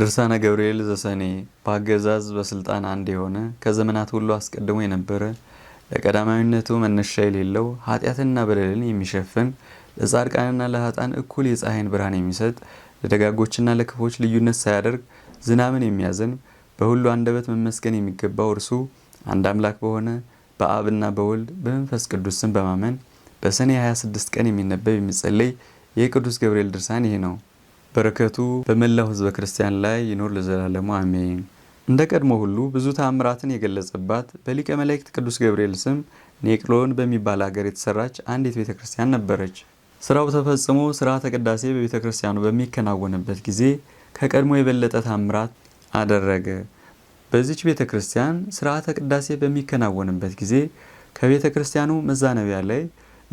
ድርሳነ ገብርኤል ዘሰኔ በአገዛዝ በስልጣን አንድ የሆነ ከዘመናት ሁሉ አስቀድሞ የነበረ ለቀዳማዊነቱ መነሻ የሌለው ኃጢአትና በደልን የሚሸፍን ለጻድቃንና ለሀጣን እኩል የፀሐይን ብርሃን የሚሰጥ ለደጋጎችና ለክፎች ልዩነት ሳያደርግ ዝናብን የሚያዘን በሁሉ አንደበት መመስገን የሚገባው እርሱ አንድ አምላክ በሆነ በአብና በወልድ በመንፈስ ቅዱስን በማመን በሰኔ 26 ቀን የሚነበብ የሚጸለይ የቅዱስ ገብርኤል ድርሳን ይሄ ነው። በረከቱ በመላው ህዝበ ክርስቲያን ላይ ይኖር ለዘላለሙ አሜን። እንደ ቀድሞ ሁሉ ብዙ ታምራትን የገለጸባት በሊቀ መላእክት ቅዱስ ገብርኤል ስም ኔቅሎን በሚባል ሀገር የተሰራች አንዲት ቤተ ክርስቲያን ነበረች። ስራው ተፈጽሞ ስርዓተ ቅዳሴ በቤተ ክርስቲያኑ በሚከናወንበት ጊዜ ከቀድሞ የበለጠ ታምራት አደረገ። በዚች ቤተ ክርስቲያን ስርዓተ ቅዳሴ በሚከናወንበት ጊዜ ከቤተ ክርስቲያኑ መዛነቢያ ላይ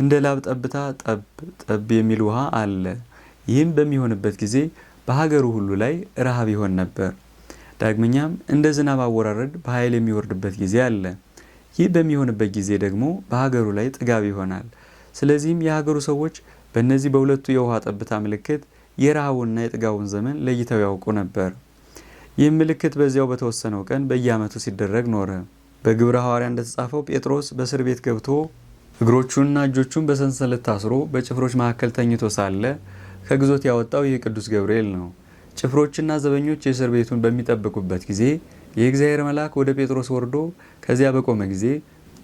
እንደ ላብ ጠብታ ጠብ ጠብ የሚል ውሃ አለ። ይህም በሚሆንበት ጊዜ በሀገሩ ሁሉ ላይ ረሃብ ይሆን ነበር። ዳግመኛም እንደ ዝናብ አወራረድ በኃይል የሚወርድበት ጊዜ አለ። ይህ በሚሆንበት ጊዜ ደግሞ በሀገሩ ላይ ጥጋብ ይሆናል። ስለዚህም የሀገሩ ሰዎች በእነዚህ በሁለቱ የውሃ ጠብታ ምልክት የረሃቡንና የጥጋቡን ዘመን ለይተው ያውቁ ነበር። ይህ ምልክት በዚያው በተወሰነው ቀን በየዓመቱ ሲደረግ ኖረ። በግብረ ሐዋርያ እንደተጻፈው ጴጥሮስ በእስር ቤት ገብቶ እግሮቹንና እጆቹን በሰንሰለት ታስሮ በጭፍሮች መካከል ተኝቶ ሳለ ከግዞት ያወጣው ይህ ቅዱስ ገብርኤል ነው። ጭፍሮችና ዘበኞች የእስር ቤቱን በሚጠብቁበት ጊዜ የእግዚአብሔር መልአክ ወደ ጴጥሮስ ወርዶ ከዚያ በቆመ ጊዜ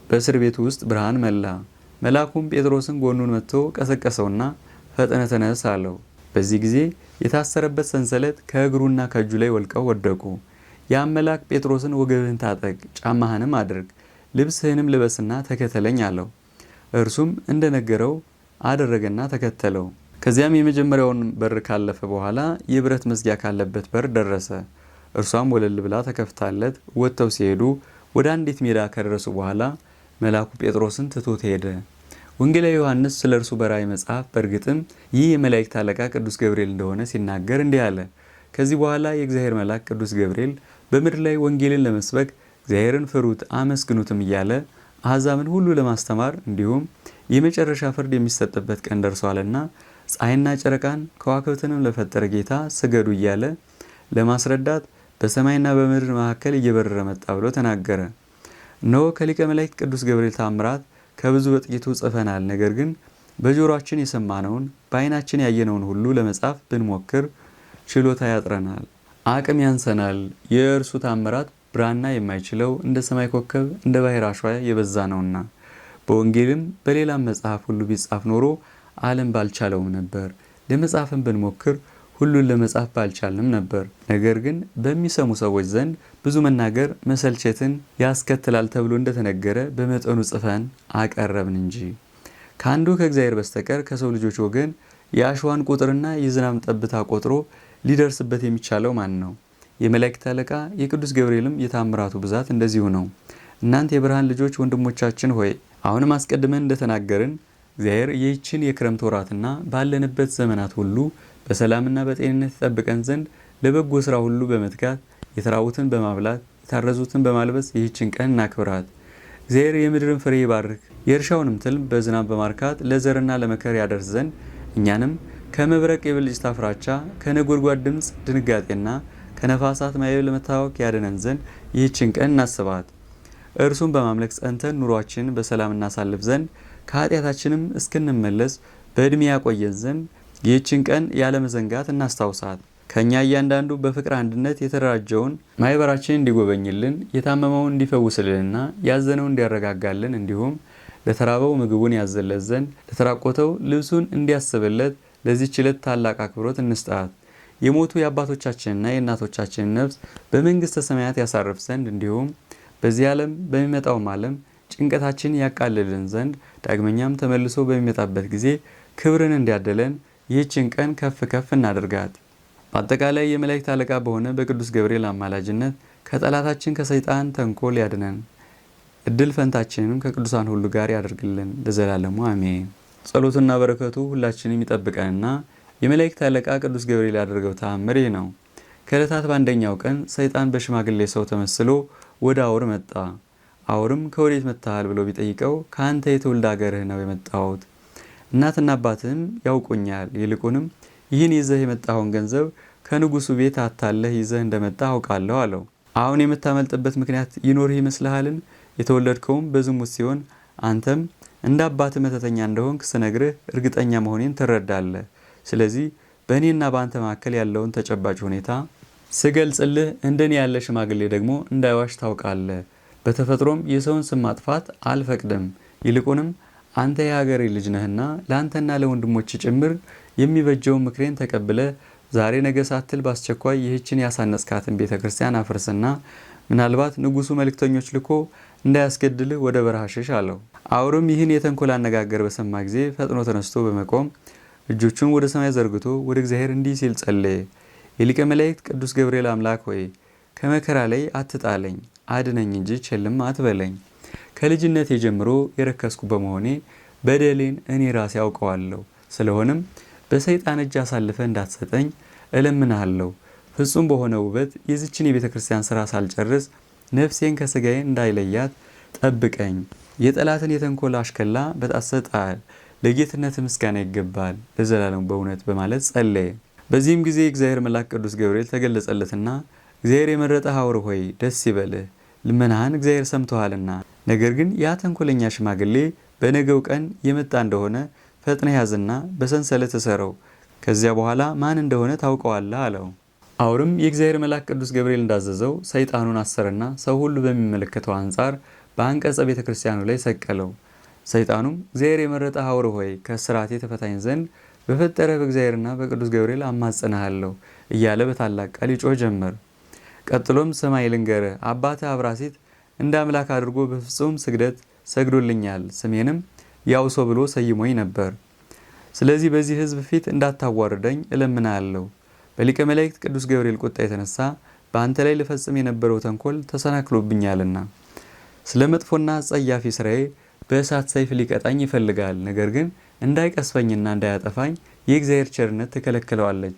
በእስር ቤቱ ውስጥ ብርሃን መላ። መልአኩም ጴጥሮስን ጎኑን መጥቶ ቀሰቀሰውና ፈጥነ ተነስ አለው። በዚህ ጊዜ የታሰረበት ሰንሰለት ከእግሩና ከእጁ ላይ ወልቀው ወደቁ። ያም መልአክ ጴጥሮስን ወገብህን ታጠቅ፣ ጫማህንም አድርግ፣ ልብስህንም ልበስና ተከተለኝ አለው። እርሱም እንደነገረው አደረገና ተከተለው። ከዚያም የመጀመሪያውን በር ካለፈ በኋላ የብረት መዝጊያ ካለበት በር ደረሰ። እርሷም ወለል ብላ ተከፍታለት ወጥተው ሲሄዱ ወደ አንዲት ሜዳ ከደረሱ በኋላ መልአኩ ጴጥሮስን ትቶት ሄደ። ወንጌላዊ ዮሐንስ ስለ እርሱ በራእይ መጽሐፍ በእርግጥም ይህ የመላእክት አለቃ ቅዱስ ገብርኤል እንደሆነ ሲናገር እንዲህ አለ። ከዚህ በኋላ የእግዚአብሔር መልአክ ቅዱስ ገብርኤል በምድር ላይ ወንጌልን ለመስበክ እግዚአብሔርን ፍሩት አመስግኑትም እያለ አሕዛብን ሁሉ ለማስተማር እንዲሁም የመጨረሻ ፍርድ የሚሰጥበት ቀን ደርሷልና ፀሐይና ጨረቃን ከዋክብትንም ለፈጠረ ጌታ ስገዱ እያለ ለማስረዳት በሰማይና በምድር መካከል እየበረረ መጣ ብሎ ተናገረ። እነሆ ከሊቀ መላእክት ቅዱስ ገብርኤል ታምራት ከብዙ በጥቂቱ ጽፈናል። ነገር ግን በጆሮአችን የሰማነውን በዓይናችን ያየነውን ሁሉ ለመጻፍ ብንሞክር ችሎታ ያጥረናል፣ አቅም ያንሰናል። የእርሱ ታምራት ብራና የማይችለው እንደ ሰማይ ኮከብ እንደ ባህር አሸዋ የበዛ ነውና በወንጌልም በሌላም መጽሐፍ ሁሉ ቢጻፍ ኖሮ ዓለም ባልቻለውም ነበር። ለመጻፍም ብንሞክር ሁሉን ለመጻፍ ባልቻልንም ነበር። ነገር ግን በሚሰሙ ሰዎች ዘንድ ብዙ መናገር መሰልቸትን ያስከትላል ተብሎ እንደተነገረ በመጠኑ ጽፈን አቀረብን እንጂ ከአንዱ ከእግዚአብሔር በስተቀር ከሰው ልጆች ወገን የአሸዋን ቁጥርና የዝናብ ጠብታ ቆጥሮ ሊደርስበት የሚቻለው ማን ነው? የመላእክት አለቃ የቅዱስ ገብርኤልም የታምራቱ ብዛት እንደዚሁ ነው። እናንተ የብርሃን ልጆች ወንድሞቻችን ሆይ አሁንም አስቀድመን እንደተናገርን እግዚአብሔር ይህችን የክረምት ወራትና ባለንበት ዘመናት ሁሉ በሰላምና በጤንነት ጠብቀን ዘንድ ለበጎ ስራ ሁሉ በመትጋት የተራቡትን በማብላት የታረዙትን በማልበስ ይህችን ቀን እናክብራት። እግዚአብሔር የምድርን ፍሬ ይባርክ፣ የእርሻውንም ትልም በዝናብ በማርካት ለዘርና ለመከር ያደርስ ዘንድ እኛንም ከመብረቅ የብልጭታ ፍራቻ፣ ከነጎድጓድ ድምፅ ድንጋጤና ከነፋሳት ማየብ ለመታወክ ያደነን ዘንድ ይህችን ቀን እናስባት። እርሱን በማምለክ ጸንተን ኑሯችንን በሰላም እናሳልፍ ዘንድ ከኃጢአታችንም እስክንመለስ በዕድሜ ያቆየን ዘንድ ይህችን ቀን ያለመዘንጋት እናስታውሳት። ከእኛ እያንዳንዱ በፍቅር አንድነት የተደራጀውን ማህበራችን እንዲጎበኝልን፣ የታመመውን እንዲፈውስልንና ያዘነውን እንዲያረጋጋልን እንዲሁም ለተራበው ምግቡን ያዘለት ዘንድ ለተራቆተው ልብሱን እንዲያስብለት ለዚህች ዕለት ታላቅ አክብሮት እንስጣት። የሞቱ የአባቶቻችንና የእናቶቻችንን ነፍስ በመንግሥተ ሰማያት ያሳርፍ ዘንድ እንዲሁም በዚህ ዓለም በሚመጣውም ዓለም ጭንቀታችን ያቃልልን ዘንድ ዳግመኛም ተመልሶ በሚመጣበት ጊዜ ክብርን እንዲያደለን ይህችን ቀን ከፍ ከፍ እናደርጋት። በአጠቃላይ የመላእክት አለቃ በሆነ በቅዱስ ገብርኤል አማላጅነት ከጠላታችን ከሰይጣን ተንኮል ያድነን፣ እድል ፈንታችንንም ከቅዱሳን ሁሉ ጋር ያደርግልን ለዘላለሙ አሜን። ጸሎትና በረከቱ ሁላችንም ይጠብቀንና የመላእክት አለቃ ቅዱስ ገብርኤል ያደርገው ተአምር ይህ ነው። ከእለታት በአንደኛው ቀን ሰይጣን በሽማግሌ ሰው ተመስሎ ወደ አውር መጣ። አውርም ከወዴት መጥተሃል ብሎ ቢጠይቀው ከአንተ የትውልድ አገርህ ነው የመጣሁት፣ እናትና አባትህም ያውቁኛል፣ ይልቁንም ይህን ይዘህ የመጣኸውን ገንዘብ ከንጉሱ ቤት አታለህ ይዘህ እንደመጣ አውቃለሁ አለው። አሁን የምታመልጥበት ምክንያት ይኖርህ ይመስልሃልን? የተወለድከውም በዝሙት ሲሆን አንተም እንደ አባት መተተኛ እንደሆንክ ስነግርህ እርግጠኛ መሆኔን ትረዳለህ። ስለዚህ በእኔና በአንተ መካከል ያለውን ተጨባጭ ሁኔታ ስገልጽልህ እንደኔ ያለ ሽማግሌ ደግሞ እንዳይዋሽ ታውቃለህ። በተፈጥሮም የሰውን ስም ማጥፋት አልፈቅድም። ይልቁንም አንተ የሀገሬ ልጅ ነህና ለአንተና ለወንድሞች ጭምር የሚበጀውን ምክሬን ተቀብለ ዛሬ ነገ ሳትል በአስቸኳይ ይህችን ያሳነጽካትን ቤተ ክርስቲያን አፍርስና ምናልባት ንጉሱ መልእክተኞች ልኮ እንዳያስገድልህ ወደ በረሃ ሽሽ አለው። አውርም ይህን የተንኮል አነጋገር በሰማ ጊዜ ፈጥኖ ተነስቶ በመቆም እጆቹን ወደ ሰማይ ዘርግቶ ወደ እግዚአብሔር እንዲህ ሲል ጸለየ። የሊቀ መላእክት ቅዱስ ገብርኤል አምላክ ሆይ ከመከራ ላይ አትጣለኝ አድነኝ እንጂ ቸልም አትበለኝ። ከልጅነት ጀምሮ የረከስኩ በመሆኔ በደሌን እኔ ራሴ አውቀዋለሁ። ስለሆነም በሰይጣን እጅ አሳልፈ እንዳትሰጠኝ እለምንሃለሁ። ፍጹም በሆነ ውበት የዚችን የቤተ ክርስቲያን ስራ ሳልጨርስ ነፍሴን ከስጋዬ እንዳይለያት ጠብቀኝ። የጠላትን የተንኮል አሽከላ በጣሰጣል ለጌትነት ምስጋና ይገባል ለዘላለም በእውነት በማለት ጸለየ። በዚህም ጊዜ የእግዚአብሔር መልአክ ቅዱስ ገብርኤል ተገለጸለትና እግዚአብሔር የመረጠህ ሐውር ሆይ ደስ ይበልህ፣ ልመናህን እግዚአብሔር ሰምቶሃልና። ነገር ግን ያ ተንኮለኛ ሽማግሌ በነገው ቀን የመጣ እንደሆነ ፈጥነ ያዝና በሰንሰለት እሰረው፣ ከዚያ በኋላ ማን እንደሆነ ታውቀዋለህ አለው። አውርም የእግዚአብሔር መልአክ ቅዱስ ገብርኤል እንዳዘዘው ሰይጣኑን አሰረና ሰው ሁሉ በሚመለከተው አንጻር በአንቀጸ ቤተ ክርስቲያኑ ላይ ሰቀለው። ሰይጣኑም እግዚአብሔር የመረጠ ሐውር ሆይ ከስራቴ ተፈታኝ ዘንድ በፈጠረ በእግዚአብሔርና በቅዱስ ገብርኤል አማጽንሃለሁ እያለ በታላቅ ቃል ይጮህ ጀመር። ቀጥሎም ሰማይ ልንገር አባተ አብራሲት እንደ አምላክ አድርጎ በፍጹም ስግደት ሰግዶልኛል፣ ስሜንም ያውሶ ብሎ ሰይሞኝ ነበር። ስለዚህ በዚህ ህዝብ ፊት እንዳታዋርደኝ እለምናለሁ። በሊቀ መላእክት ቅዱስ ገብርኤል ቁጣ የተነሳ በአንተ ላይ ልፈጽም የነበረው ተንኮል ተሰናክሎብኛልና ስለ መጥፎና ጸያፊ ስራዬ በእሳት ሰይፍ ሊቀጣኝ ይፈልጋል። ነገር ግን እንዳይቀስፈኝና እንዳያጠፋኝ የእግዚአብሔር ቸርነት ትከለክለዋለች።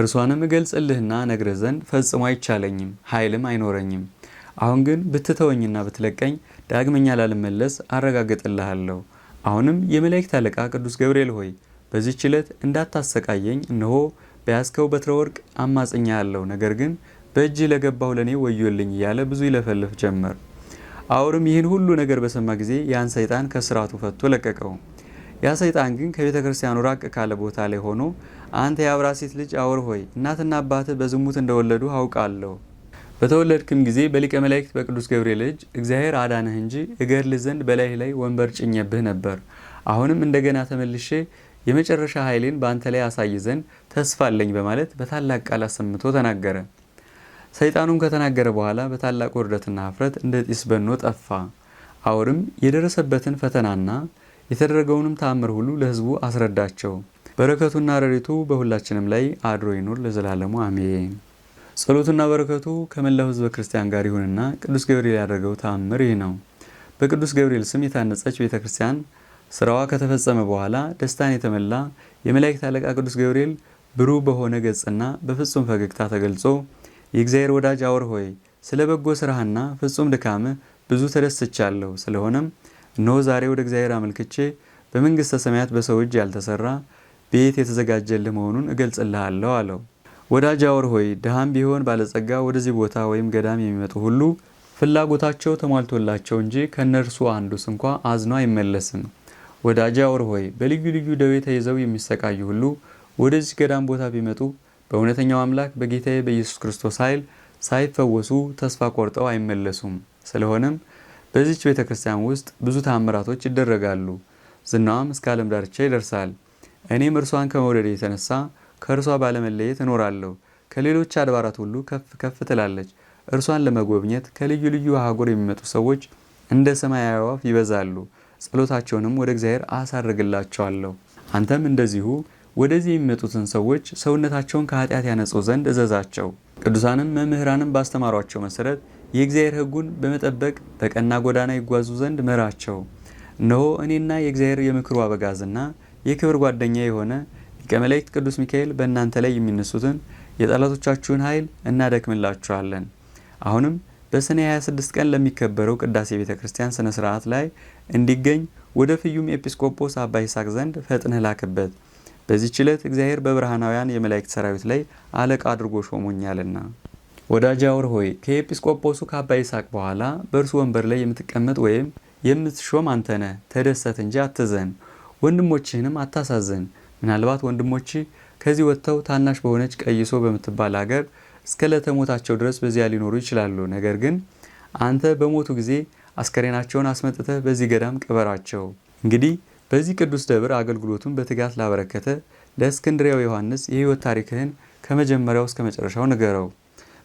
እርሷንም እገልጽልህና ነግረ ዘንድ ፈጽሞ አይቻለኝም፣ ኃይልም አይኖረኝም። አሁን ግን ብትተወኝና ብትለቀኝ ዳግመኛ ላልመለስ አረጋግጥልሃለሁ። አሁንም የመላእክት አለቃ ቅዱስ ገብርኤል ሆይ በዚህ ችለት እንዳታሰቃየኝ እነሆ በያዝከው በትረ ወርቅ አማጽኛለሁ። ነገር ግን በእጅ ለገባው ለእኔ ወዮልኝ እያለ ብዙ ይለፈልፍ ጀመር። አውርም ይህን ሁሉ ነገር በሰማ ጊዜ ያን ሰይጣን ከስርዓቱ ፈቶ ለቀቀው። ያ ሰይጣን ግን ከቤተ ክርስቲያኑ ራቅ ካለ ቦታ ላይ ሆኖ አንተ የአብራ ሴት ልጅ አወር ሆይ እናትና አባት በዝሙት እንደወለዱ አውቃለሁ። በተወለድክም ጊዜ በሊቀ መላእክት በቅዱስ ገብርኤል እጅ እግዚአብሔር አዳነህ እንጂ እገድልህ ዘንድ በላይ ላይ ወንበር ጭኘብህ ነበር። አሁንም እንደገና ተመልሼ የመጨረሻ ኃይሌን በአንተ ላይ አሳይ ዘንድ ተስፋ አለኝ በማለት በታላቅ ቃል አሰምቶ ተናገረ። ሰይጣኑም ከተናገረ በኋላ በታላቅ ውርደትና ኀፍረት እንደ ጢስ በኖ ጠፋ። አውርም የደረሰበትን ፈተናና የተደረገውንም ተአምር ሁሉ ለህዝቡ አስረዳቸው። በረከቱና ረድኤቱ በሁላችንም ላይ አድሮ ይኑር ለዘላለሙ አሜን። ጸሎቱና በረከቱ ከመላው ህዝበ ክርስቲያን ጋር ይሁንና ቅዱስ ገብርኤል ያደረገው ተአምር ይህ ነው። በቅዱስ ገብርኤል ስም የታነጸች ቤተ ክርስቲያን ስራዋ ከተፈጸመ በኋላ ደስታን የተመላ የመላእክት አለቃ ቅዱስ ገብርኤል ብሩህ በሆነ ገጽና በፍጹም ፈገግታ ተገልጾ የእግዚአብሔር ወዳጅ አውር ሆይ ስለ በጎ ስራህና ፍጹም ድካምህ ብዙ ተደስቻለሁ። ስለሆነም እነሆ ዛሬ ወደ እግዚአብሔር አመልክቼ በመንግሥተ ሰማያት በሰው እጅ ያልተሰራ ቤት የተዘጋጀልህ መሆኑን እገልጽልሃለሁ አለው። ወዳጅ አወር ሆይ ድሃም ቢሆን ባለጸጋ ወደዚህ ቦታ ወይም ገዳም የሚመጡ ሁሉ ፍላጎታቸው ተሟልቶላቸው እንጂ ከእነርሱ አንዱ ስንኳ አዝኖ አይመለስም። ወዳጅ አወር ሆይ በልዩ ልዩ ደዌ ተይዘው የሚሰቃዩ ሁሉ ወደዚህ ገዳም ቦታ ቢመጡ በእውነተኛው አምላክ በጌታዬ በኢየሱስ ክርስቶስ ኃይል ሳይፈወሱ ተስፋ ቆርጠው አይመለሱም። ስለሆነም በዚች ቤተ ክርስቲያን ውስጥ ብዙ ታምራቶች ይደረጋሉ። ዝናዋም እስከ ዓለም ዳርቻ ይደርሳል። እኔም እርሷን ከመውደድ የተነሳ ከእርሷ ባለመለየት እኖራለሁ። ከሌሎች አድባራት ሁሉ ከፍ ከፍ ትላለች። እርሷን ለመጎብኘት ከልዩ ልዩ አህጉር የሚመጡ ሰዎች እንደ ሰማያዊ አዋፍ ይበዛሉ። ጸሎታቸውንም ወደ እግዚአብሔር አሳርግላቸዋለሁ። አንተም እንደዚሁ ወደዚህ የሚመጡትን ሰዎች ሰውነታቸውን ከኃጢአት ያነጹ ዘንድ እዘዛቸው። ቅዱሳንም መምህራንም ባስተማሯቸው መሰረት የእግዚአብሔር ሕጉን በመጠበቅ በቀና ጎዳና ይጓዙ ዘንድ ምራቸው። እነሆ እኔና የእግዚአብሔር የምክሩ አበጋዝና የክብር ጓደኛ የሆነ ሊቀ መላእክት ቅዱስ ሚካኤል በእናንተ ላይ የሚነሱትን የጠላቶቻችሁን ኃይል እናደክምላችኋለን። አሁንም በሰኔ 26 ቀን ለሚከበረው ቅዳሴ ቤተ ክርስቲያን ስነ ስርዓት ላይ እንዲገኝ ወደ ፍዩም ኤጲስቆጶስ አባ ይስሐቅ ዘንድ ፈጥነህ ላክበት። በዚህች ዕለት እግዚአብሔር በብርሃናውያን የመላእክት ሰራዊት ላይ አለቃ አድርጎ ሾሞኛልና ወዳጅ አውር ሆይ ከኤጲስቆጶሱ ከአባ ይስሐቅ በኋላ በእርሱ ወንበር ላይ የምትቀመጥ ወይም የምትሾም አንተነ ተደሰት እንጂ አትዘን፣ ወንድሞችህንም አታሳዝን። ምናልባት ወንድሞች ከዚህ ወጥተው ታናሽ በሆነች ቀይሶ በምትባል ሀገር እስከ ለተሞታቸው ድረስ በዚያ ሊኖሩ ይችላሉ። ነገር ግን አንተ በሞቱ ጊዜ አስከሬናቸውን አስመጥተህ በዚህ ገዳም ቅበራቸው። እንግዲህ በዚህ ቅዱስ ደብር አገልግሎቱን በትጋት ላበረከተ ለእስክንድሪያው ዮሐንስ የህይወት ታሪክህን ከመጀመሪያው እስከ መጨረሻው ንገረው።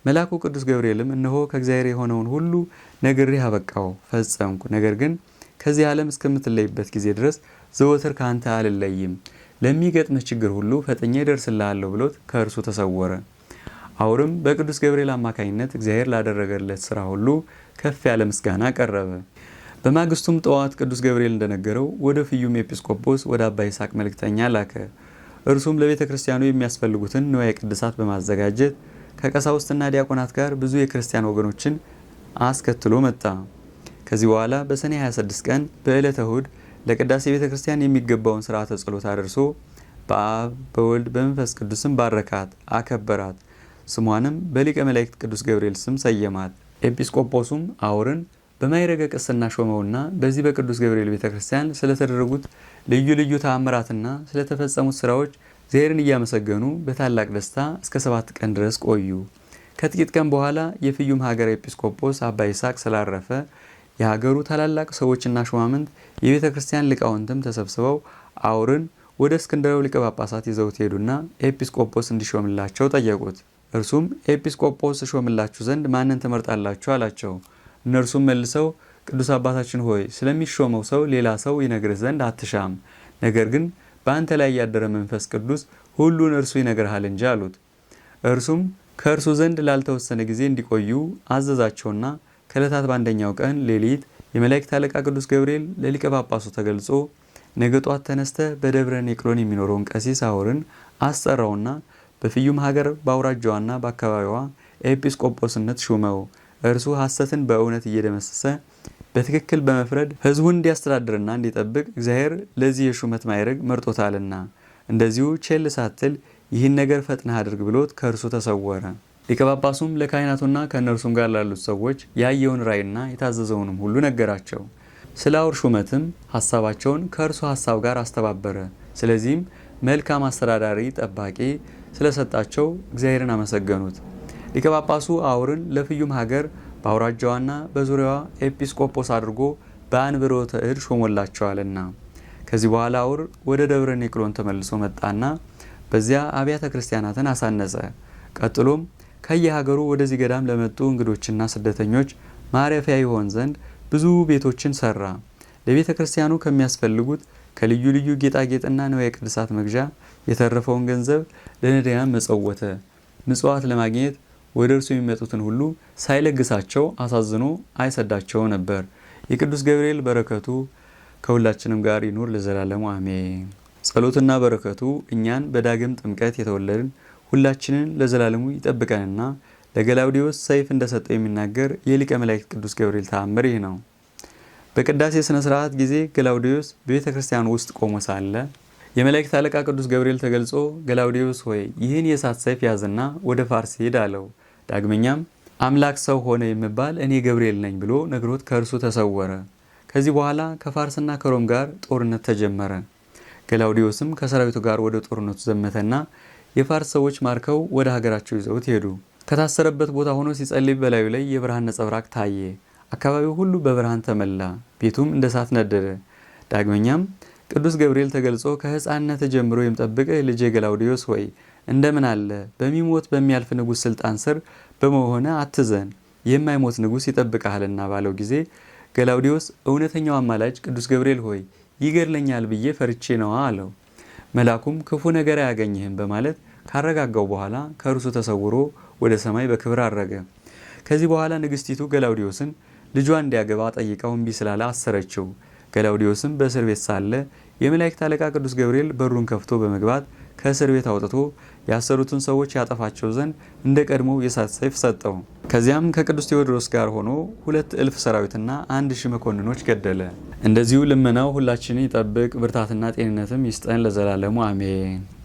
መልአኩ ቅዱስ ገብርኤልም እነሆ ከእግዚአብሔር የሆነውን ሁሉ ነግሬህ አበቃው ፈጸምኩ፣ ነገር ግን ከዚህ ዓለም እስከምትለይበት ጊዜ ድረስ ዘወትር ከአንተ አልለይም፣ ለሚገጥምህ ችግር ሁሉ ፈጥኜ እደርስልሃለሁ ብሎት ከእርሱ ተሰወረ። አውርም በቅዱስ ገብርኤል አማካኝነት እግዚአብሔር ላደረገለት ስራ ሁሉ ከፍ ያለ ምስጋና ቀረበ። በማግስቱም ጠዋት ቅዱስ ገብርኤል እንደነገረው ወደ ፍዩም ኤጲስቆጶስ ወደ አባ ይስሐቅ መልእክተኛ ላከ። እርሱም ለቤተ ክርስቲያኑ የሚያስፈልጉትን ንዋየ ቅድሳት በማዘጋጀት ከቀሳውስትና ዲያቆናት ጋር ብዙ የክርስቲያን ወገኖችን አስከትሎ መጣ። ከዚህ በኋላ በሰኔ 26 ቀን በዕለተ እሁድ ለቅዳሴ ቤተ ክርስቲያን የሚገባውን ስርዓተ ጸሎት አድርሶ በአብ በወልድ በመንፈስ ቅዱስም ባረካት፣ አከበራት። ስሟንም በሊቀ መላእክት ቅዱስ ገብርኤል ስም ሰየማት። ኤጲስቆጶሱም አውርን በማይረገ ቅስና ሾመውና በዚህ በቅዱስ ገብርኤል ቤተ ክርስቲያን ስለተደረጉት ልዩ ልዩ ተአምራትና ስለተፈጸሙት ስራዎች እግዚአብሔርን እያመሰገኑ በታላቅ ደስታ እስከ ሰባት ቀን ድረስ ቆዩ። ከጥቂት ቀን በኋላ የፍዩም ሀገር ኤጲስቆጶስ አባ ይስሐቅ ስላረፈ የሀገሩ ታላላቅ ሰዎችና ሹማምንት የቤተ ክርስቲያን ሊቃውንትም ተሰብስበው አውርን ወደ እስክንድርያው ሊቀ ጳጳሳት ይዘውት ሄዱና ኤጲስቆጶስ እንዲሾምላቸው ጠየቁት። እርሱም ኤጲስቆጶስ እሾምላችሁ ዘንድ ማንን ትመርጣላችሁ አላቸው። እነርሱም መልሰው ቅዱስ አባታችን ሆይ ስለሚሾመው ሰው ሌላ ሰው ይነግርህ ዘንድ አትሻም፣ ነገር ግን በአንተ ላይ ያደረ መንፈስ ቅዱስ ሁሉን እርሱ ይነግርሃል እንጂ አሉት። እርሱም ከእርሱ ዘንድ ላልተወሰነ ጊዜ እንዲቆዩ አዘዛቸውና ከእለታት በአንደኛው ቀን ሌሊት የመላእክት አለቃ ቅዱስ ገብርኤል ለሊቀ ጳጳሱ ተገልጾ ነገ ጧት ተነስተ በደብረ ኔቅሎን የሚኖረውን ቀሲስ አውርን አስጠራውና በፍዩም ሀገር በአውራጃዋና በአካባቢዋ ኤጲስቆጶስነት ሹመው። እርሱ ሐሰትን በእውነት እየደመሰሰ በትክክል በመፍረድ ህዝቡን እንዲያስተዳድርና እንዲጠብቅ እግዚአብሔር ለዚህ የሹመት ማይረግ መርጦታልና እንደዚሁ ቼል ሳትል ይህን ነገር ፈጥነህ አድርግ ብሎት ከእርሱ ተሰወረ። ሊቀ ጳጳሱም ለካህናቱና ከእነርሱም ጋር ላሉት ሰዎች ያየውን ራእይና የታዘዘውንም ሁሉ ነገራቸው። ስለ አውር ሹመትም ሀሳባቸውን ከእርሱ ሀሳብ ጋር አስተባበረ። ስለዚህም መልካም አስተዳዳሪ ጠባቂ ስለሰጣቸው እግዚአብሔርን አመሰገኑት። ሊቀ ጳጳሱ አውርን ለፍዩም ሀገር በአውራጃዋና በዙሪያዋ ኤጲስቆጶስ አድርጎ በአንብሮተ እድ ሾሞላቸዋልና። ከዚህ በኋላ አውር ወደ ደብረ ኒቅሎን ተመልሶ መጣና በዚያ አብያተ ክርስቲያናትን አሳነጸ። ቀጥሎም ከየሀገሩ ወደዚህ ገዳም ለመጡ እንግዶችና ስደተኞች ማረፊያ ይሆን ዘንድ ብዙ ቤቶችን ሰራ። ለቤተ ክርስቲያኑ ከሚያስፈልጉት ከልዩ ልዩ ጌጣጌጥና ንዋየ ቅድሳት መግዣ የተረፈውን ገንዘብ ለነዳያን መጸወተ። ምጽዋት ለማግኘት ወደ እርሱ የሚመጡትን ሁሉ ሳይለግሳቸው አሳዝኖ አይሰዳቸው ነበር። የቅዱስ ገብርኤል በረከቱ ከሁላችንም ጋር ይኑር ለዘላለሙ አሜን። ጸሎትና በረከቱ እኛን በዳግም ጥምቀት የተወለድን ሁላችንን ለዘላለሙ ይጠብቀንና ለገላውዲዮስ ሰይፍ እንደሰጠው የሚናገር የሊቀ መላእክት ቅዱስ ገብርኤል ተአምር ይህ ነው። በቅዳሴ ስነ ስርዓት ጊዜ ገላውዲዮስ በቤተ ክርስቲያን ውስጥ ቆሞ ሳለ የመላእክት አለቃ ቅዱስ ገብርኤል ተገልጾ ገላውዴዎስ ሆይ ይህን የእሳት ሰይፍ ያዝና ወደ ፋርስ ሂድ አለው። ዳግመኛም አምላክ ሰው ሆነ የሚባል እኔ ገብርኤል ነኝ ብሎ ነግሮት ከእርሱ ተሰወረ። ከዚህ በኋላ ከፋርስና ከሮም ጋር ጦርነት ተጀመረ። ገላውዲዮስም ከሰራዊቱ ጋር ወደ ጦርነቱ ዘመተና የፋርስ ሰዎች ማርከው ወደ ሀገራቸው ይዘውት ሄዱ። ከታሰረበት ቦታ ሆኖ ሲጸልይ በላዩ ላይ የብርሃን ነጸብራቅ ታየ። አካባቢው ሁሉ በብርሃን ተሞላ፣ ቤቱም እንደ እሳት ነደደ። ዳግመኛም ቅዱስ ገብርኤል ተገልጾ ከህፃንነት ጀምሮ የምጠብቀ ልጄ ገላውዲዮስ ሆይ እንደምን አለ በሚሞት በሚያልፍ ንጉሥ ስልጣን ስር በመሆነ አትዘን የማይሞት ንጉሥ ይጠብቀሃልና ባለው ጊዜ ገላውዲዮስ እውነተኛው አማላጅ ቅዱስ ገብርኤል ሆይ ይገድለኛል ብዬ ፈርቼ ነዋ አለው። መልአኩም ክፉ ነገር አያገኝህም በማለት ካረጋጋው በኋላ ከእርሱ ተሰውሮ ወደ ሰማይ በክብር አረገ። ከዚህ በኋላ ንግሥቲቱ ገላውዲዮስን ልጇ እንዲያገባ ጠይቀው እምቢ ስላለ አሰረችው። ገላውዲዮስም በእስር ቤት ሳለ የመላእክት አለቃ ቅዱስ ገብርኤል በሩን ከፍቶ በመግባት ከእስር ቤት አውጥቶ ያሰሩትን ሰዎች ያጠፋቸው ዘንድ እንደ ቀድሞ የእሳት ሰይፍ ሰጠው። ከዚያም ከቅዱስ ቴዎድሮስ ጋር ሆኖ ሁለት እልፍ ሰራዊትና አንድ ሺህ መኮንኖች ገደለ። እንደዚሁ ልመናው ሁላችንን ይጠብቅ፣ ብርታትና ጤንነትም ይስጠን ለዘላለሙ አሜን።